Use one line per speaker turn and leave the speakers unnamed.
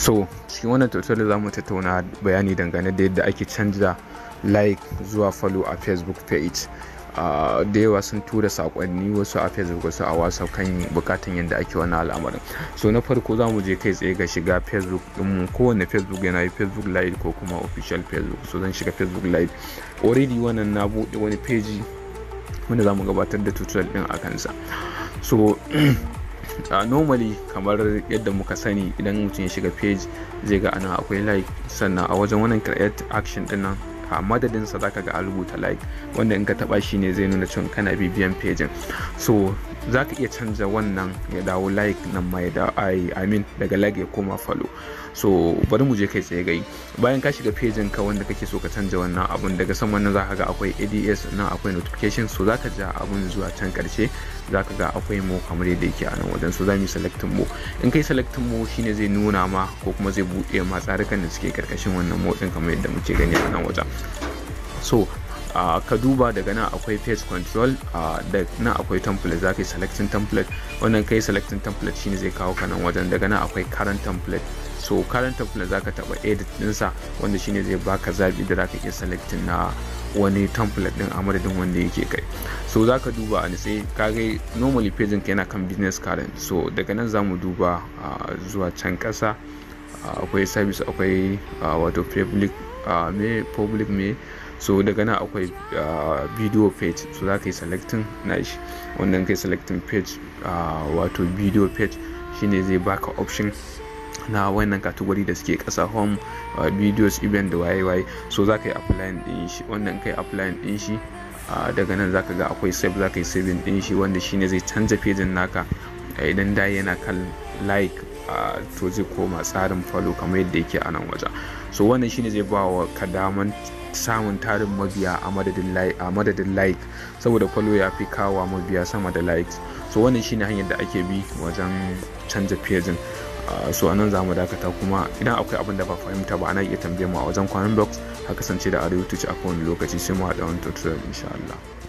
so cikin wannan tutorial za mu tattauna bayani dangane da yadda ake canza like zuwa follow a facebook page Uh, da yawa sun tura sakonni wasu a facebook wasu a wasu kan bukatan yadda ake wani al'amarin so na farko za mu je kai tsaye ga shiga facebook mu kowane facebook yana yi facebook live ko kuma official facebook so zan shiga facebook live already wannan na buɗe wani page wanda za mu gabatar da tutorial din a kansa so uh, normally kamar yadda muka sani idan mutum ya shiga page zai ga ana akwai like sannan a wajen wannan create action din nan a madadinsa zaka ga a rubuta like wanda in ka taba shi ne zai nuna cewa kana bibiyan page so za ka iya canza wannan ya dawo like nan mai da ai amin daga like ya koma falo so bari mu je kai tsaye gai bayan ka shiga pejin ka wanda kake so ka canza wannan abun daga saman nan ka ga akwai ads na akwai notification so za ka ja abun zuwa can karshe ka ga akwai mu kamar yadda yake a nan wajen so za zamu selecting mu in kai selecting mu shine zai nuna ma ko kuma zai buɗe ma tsarukan da suke karkashin wannan motsin kamar yadda muke gani a nan wajen so uh, ka duba daga nan akwai page control uh, da nan akwai template za ka yi selecting template wannan kai yi selecting template shine zai kawo ka nan wajen daga nan akwai current template so current template zaka ka taɓa edit sa wanda shine zai baka zabi da za ka iya selecting na wani template din a madadin wanda yake kai so za ka duba a sai kagai normally pagin ka yana kan business current so daga nan zamu duba uh, zuwa can ƙasa akwai service akwai wato public me public me so daga nan akwai ah, video page so za ka yi selecting nashi wannan kai selecting page ah, wato video page shine zai baka option na wannan kategori da suke kasa home ah, videos event da waye-waye so za ka yi applying din shi wannan kai applying din shi daga nan za ka ga akwai save za ka yi saving din shi wanda shine zai canza page naka idan da yana kan like to zai koma tsarin falo kamar yadda yake a nan wajen so wannan shine zai ba wa ka daman samun tarin mabiya a madadin like saboda falo ya fi kawa mabiya sama da likes so wannan shine hanyar da ake bi wajen canza pejin so anan za mu dakata kuma idan akwai abin da ba fahimta ba ana iya tambaye mu a wajen kwanan box a kasance da arewa tuci a kowane lokaci sai mu haɗa wani tutorial insha